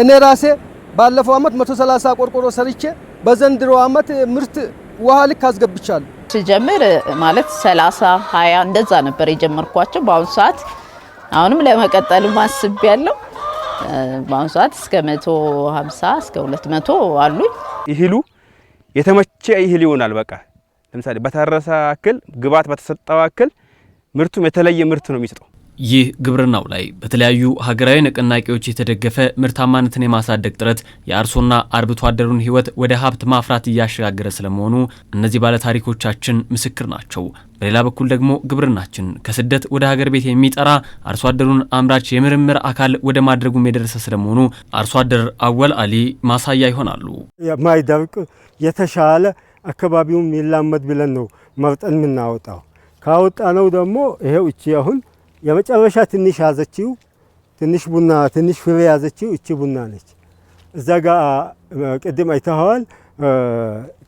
እኔ ራሴ ባለፈው አመት 130 ቆርቆሮ ሰርቼ በዘንድሮ አመት ምርት ውሃ ልክ አስገብቻለሁ። ስጀምር ማለት 30 20 እንደዛ ነበር የጀመርኳቸው። በአሁኑ ሰዓት አሁንም ለመቀጠል ማስብ ያለው በአሁኑ ሰዓት እስከ 150 እስከ 200 አሉኝ። ይህሉ የተመቸ ይህል ይሆናል። በቃ ለምሳሌ በታረሰ አክል ግባት በተሰጠው አክል ምርቱም የተለየ ምርት ነው የሚሰጠው። ይህ ግብርናው ላይ በተለያዩ ሀገራዊ ንቅናቄዎች የተደገፈ ምርታማነትን የማሳደግ ጥረት የአርሶና አርብቶ አደሩን ሕይወት ወደ ሀብት ማፍራት እያሸጋገረ ስለመሆኑ እነዚህ ባለታሪኮቻችን ምስክር ናቸው። በሌላ በኩል ደግሞ ግብርናችን ከስደት ወደ ሀገር ቤት የሚጠራ አርሶ አደሩን አምራች የምርምር አካል ወደ ማድረጉም የደረሰ ስለመሆኑ አርሶ አደር አወል አሊ ማሳያ ይሆናሉ። የማይደርቅ የተሻለ አካባቢውም ይላመድ ብለን ነው መርጠን የምናወጣው። ካወጣ ነው ደግሞ ይሄው እቺ አሁን የመጨረሻ ትንሽ ያዘችው ትንሽ ቡና ትንሽ ፍሬ ያዘችው እቺ ቡና ነች። እዛ ጋ ቅድም አይተኸዋል።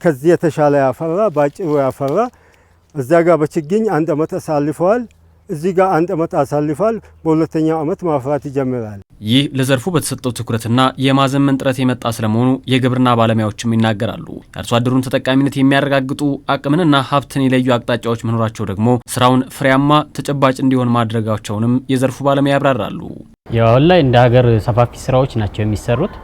ከዚህ የተሻለ ያፈራ ባጭሩ ያፈራ እዛ ጋ በችግኝ አንድ ዓመት አሳልፈዋል። እዚህ ጋ አንድ ዓመት አሳልፏል። በሁለተኛው ዓመት ማፍራት ይጀምራል። ይህ ለዘርፉ በተሰጠው ትኩረትና የማዘመን ጥረት የመጣ ስለመሆኑ የግብርና ባለሙያዎችም ይናገራሉ። የአርሶ አደሩን ተጠቃሚነት የሚያረጋግጡ አቅምንና ሀብትን የለዩ አቅጣጫዎች መኖራቸው ደግሞ ስራውን ፍሬያማ ተጨባጭ እንዲሆን ማድረጋቸውንም የዘርፉ ባለሙያ ያብራራሉ። አሁን ላይ እንደ ሀገር ሰፋፊ ስራዎች ናቸው የሚሰሩት።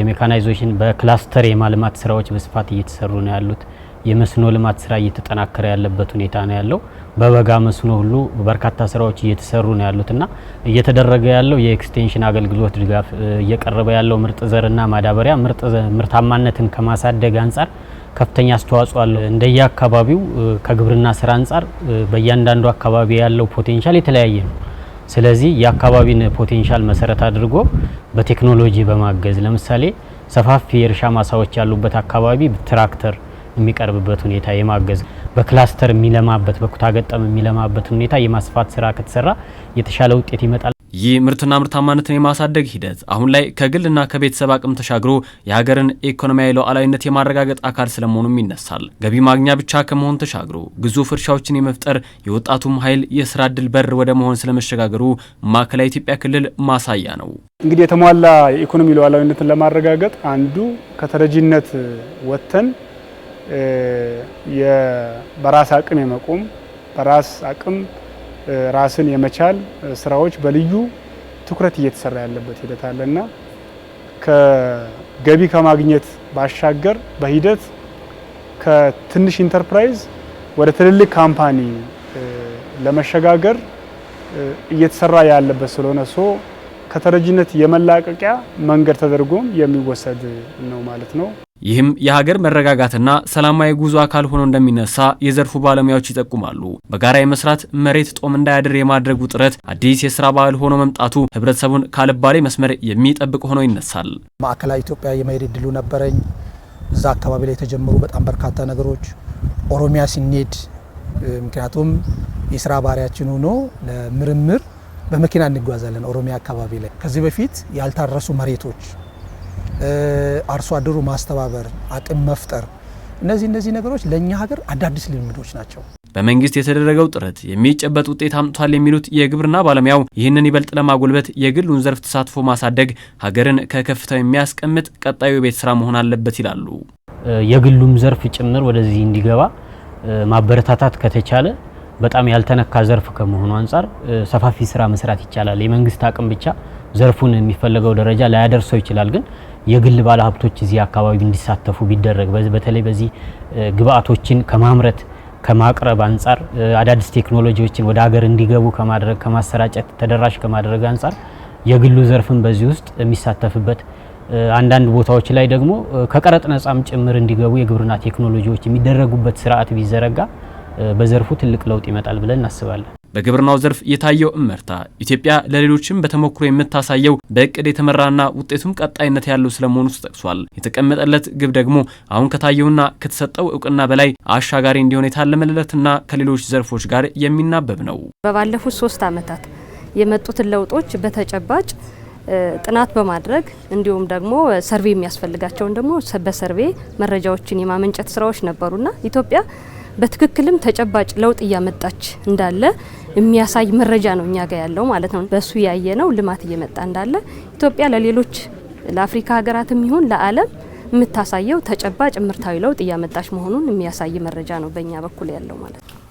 የሜካናይዜሽን በክላስተር የማልማት ስራዎች በስፋት እየተሰሩ ነው ያሉት። የመስኖ ልማት ስራ እየተጠናከረ ያለበት ሁኔታ ነው ያለው። በበጋ መስኖ ሁሉ በርካታ ስራዎች እየተሰሩ ነው ያሉትና እየተደረገ ያለው የኤክስቴንሽን አገልግሎት ድጋፍ፣ እየቀረበ ያለው ምርጥ ዘርና ማዳበሪያ ምርታማነትን ከማሳደግ አንጻር ከፍተኛ አስተዋጽኦ አለው። እንደየ አካባቢው ከግብርና ስራ አንጻር በእያንዳንዱ አካባቢ ያለው ፖቴንሻል የተለያየ ነው። ስለዚህ የአካባቢን ፖቴንሻል መሰረት አድርጎ በቴክኖሎጂ በማገዝ ለምሳሌ ሰፋፊ የእርሻ ማሳዎች ያሉበት አካባቢ ትራክተር የሚቀርብበት ሁኔታ የማገዝ በክላስተር የሚለማበት በኩታ ገጠም የሚለማበት ሁኔታ የማስፋት ስራ ከተሰራ የተሻለ ውጤት ይመጣል። ይህ ምርትና ምርታማነትን የማሳደግ ሂደት አሁን ላይ ከግልና ከቤተሰብ አቅም ተሻግሮ የሀገርን ኢኮኖሚያዊ ሉዓላዊነት የማረጋገጥ አካል ስለመሆኑም ይነሳል። ገቢ ማግኛ ብቻ ከመሆን ተሻግሮ ግዙፍ እርሻዎችን የመፍጠር የወጣቱም ኃይል የስራ እድል በር ወደ መሆን ስለመሸጋገሩ ማዕከላዊ ኢትዮጵያ ክልል ማሳያ ነው። እንግዲህ የተሟላ የኢኮኖሚ ሉዓላዊነትን ለማረጋገጥ አንዱ ከተረጂነት ወጥተን በራስ አቅም የመቆም በራስ አቅም ራስን የመቻል ስራዎች በልዩ ትኩረት እየተሰራ ያለበት ሂደት አለና ከገቢ ከማግኘት ባሻገር በሂደት ከትንሽ ኢንተርፕራይዝ ወደ ትልልቅ ካምፓኒ ለመሸጋገር እየተሰራ ያለበት ስለሆነ ሶ ከተረጂነት የመላቀቂያ መንገድ ተደርጎም የሚወሰድ ነው ማለት ነው። ይህም የሀገር መረጋጋትና ሰላማዊ ጉዞ አካል ሆኖ እንደሚነሳ የዘርፉ ባለሙያዎች ይጠቁማሉ። በጋራ የመስራት መሬት ጦም እንዳያድር የማድረጉ ጥረት አዲስ የስራ ባህል ሆኖ መምጣቱ ህብረተሰቡን ካልባሌ መስመር የሚጠብቅ ሆኖ ይነሳል። ማዕከላዊ ኢትዮጵያ የመሄድ እድሉ ነበረኝ። እዛ አካባቢ ላይ የተጀመሩ በጣም በርካታ ነገሮች ኦሮሚያ ሲንሄድ ምክንያቱም የስራ ባህሪያችን ሆኖ ለምርምር በመኪና እንጓዛለን። ኦሮሚያ አካባቢ ላይ ከዚህ በፊት ያልታረሱ መሬቶች አርሶ አደሩ ማስተባበር፣ አቅም መፍጠር እነዚህ እነዚህ ነገሮች ለእኛ ሀገር አዳዲስ ልምዶች ናቸው። በመንግስት የተደረገው ጥረት የሚጨበጥ ውጤት አምጥቷል የሚሉት የግብርና ባለሙያው ይህንን ይበልጥ ለማጎልበት የግሉን ዘርፍ ተሳትፎ ማሳደግ ሀገርን ከከፍታው የሚያስቀምጥ ቀጣዩ የቤት ስራ መሆን አለበት ይላሉ። የግሉም ዘርፍ ጭምር ወደዚህ እንዲገባ ማበረታታት ከተቻለ በጣም ያልተነካ ዘርፍ ከመሆኑ አንጻር ሰፋፊ ስራ መስራት ይቻላል። የመንግስት አቅም ብቻ ዘርፉን የሚፈለገው ደረጃ ላያደርሰው ይችላል ግን የግል ባለሀብቶች እዚህ አካባቢ እንዲሳተፉ ቢደረግ በተለይ በዚህ ግብአቶችን ከማምረት ከማቅረብ አንጻር አዳዲስ ቴክኖሎጂዎችን ወደ ሀገር እንዲገቡ ከማድረግ ከማሰራጨት ተደራሽ ከማድረግ አንጻር የግሉ ዘርፍን በዚህ ውስጥ የሚሳተፍበት አንዳንድ ቦታዎች ላይ ደግሞ ከቀረጥ ነጻም ጭምር እንዲገቡ የግብርና ቴክኖሎጂዎች የሚደረጉበት ስርዓት ቢዘረጋ በዘርፉ ትልቅ ለውጥ ይመጣል ብለን እናስባለን። በግብርናው ዘርፍ የታየው እመርታ ኢትዮጵያ ለሌሎችም በተሞክሮ የምታሳየው በእቅድ የተመራና ውጤቱም ቀጣይነት ያለው ስለመሆኑ ተጠቅሷል። የተቀመጠለት ግብ ደግሞ አሁን ከታየውና ከተሰጠው እውቅና በላይ አሻጋሪ እንዲሆን የታለመለትና ከሌሎች ዘርፎች ጋር የሚናበብ ነው። በባለፉት ሶስት ዓመታት የመጡትን ለውጦች በተጨባጭ ጥናት በማድረግ እንዲሁም ደግሞ ሰርቬ የሚያስፈልጋቸውን ደግሞ በሰርቬ መረጃዎችን የማመንጨት ስራዎች ነበሩና ኢትዮጵያ በትክክልም ተጨባጭ ለውጥ እያመጣች እንዳለ የሚያሳይ መረጃ ነው እኛ ጋር ያለው ማለት ነው። በሱ ያየ ነው ልማት እየመጣ እንዳለ ኢትዮጵያ ለሌሎች ለአፍሪካ ሀገራትም ይሁን ለዓለም የምታሳየው ተጨባጭ ምርታዊ ለውጥ እያመጣች መሆኑን የሚያሳይ መረጃ ነው በእኛ በኩል ያለው ማለት ነው።